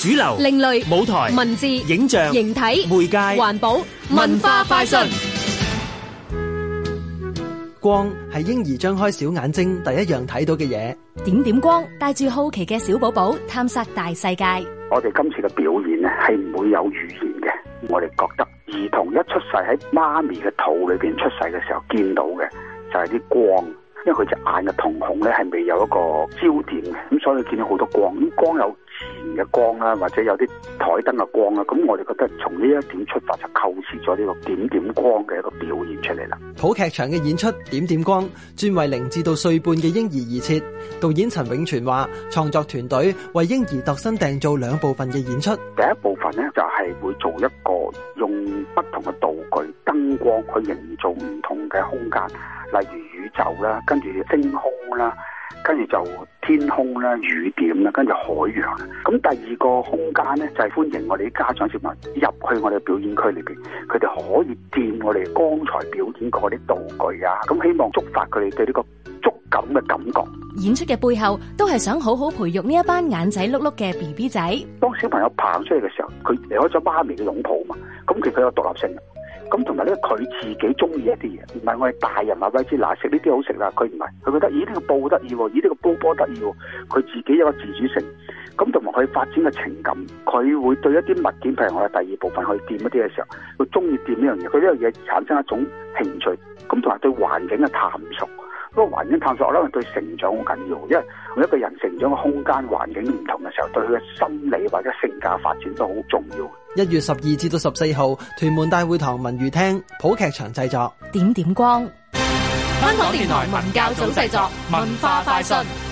主流、另類舞台、文字、影像、形體、媒介、環保、文化快訊。光係嬰兒張開小眼睛第一樣睇到嘅嘢。點點光帶住好奇嘅小寶寶探索大世界。我哋今次嘅表演咧係唔會有語言嘅。我哋覺得兒童一出世喺媽咪嘅肚裏邊出世嘅時候見到嘅就係啲光，因為佢隻眼嘅瞳孔咧係未有一個焦點嘅，咁所以見到好多光。咁光有嘅光啦，或者有啲台燈嘅光啊，咁我哋覺得從呢一點出發就構思咗呢個點點光嘅一個表現出嚟啦。普劇場嘅演出，演出點點光專為零至到歲半嘅嬰兒而設。導演陳永全話，創作團隊為嬰兒度身訂造兩部分嘅演出。第一部分呢，就係、是、會做一個用不同嘅道具、燈光去營造唔同嘅空間，例如宇宙啦，跟住星空啦。跟住就天空啦、雨點啦，跟住海洋。咁第二個空間咧，就係、是、歡迎我哋啲家長小朋友入去我哋嘅表演區裏邊，佢哋可以掂我哋剛才表演過啲道具啊。咁希望觸發佢哋對呢個觸感嘅感覺。演出嘅背後都係想好好培育呢一班眼仔碌碌嘅 BB 仔。當小朋友跑出去嘅時候，佢離開咗媽咪嘅擁抱嘛，咁其實佢有獨立性。咁同埋呢，佢自己中意一啲嘢，唔係我哋大人話俾知嗱，食呢啲好食啦，佢唔係，佢覺得咦呢、欸這個煲得意喎，咦、欸、呢、這個煲波得意喎，佢自己有個自主性，咁同埋佢以發展嘅情感，佢會對一啲物件，譬如我哋第二部分去掂一啲嘅時候，佢中意掂呢樣嘢，佢呢樣嘢產生一種興趣，咁同埋對環境嘅探索。嗰個環境探索咧，對成長好緊要，因為每一個人成長嘅空間環境唔同嘅時候，對佢嘅心理或者性格發展都好重要。一月十二至到十四號，屯門大會堂文娛廳普劇場製作《點點光》，香港電台文教組製作文化快訊。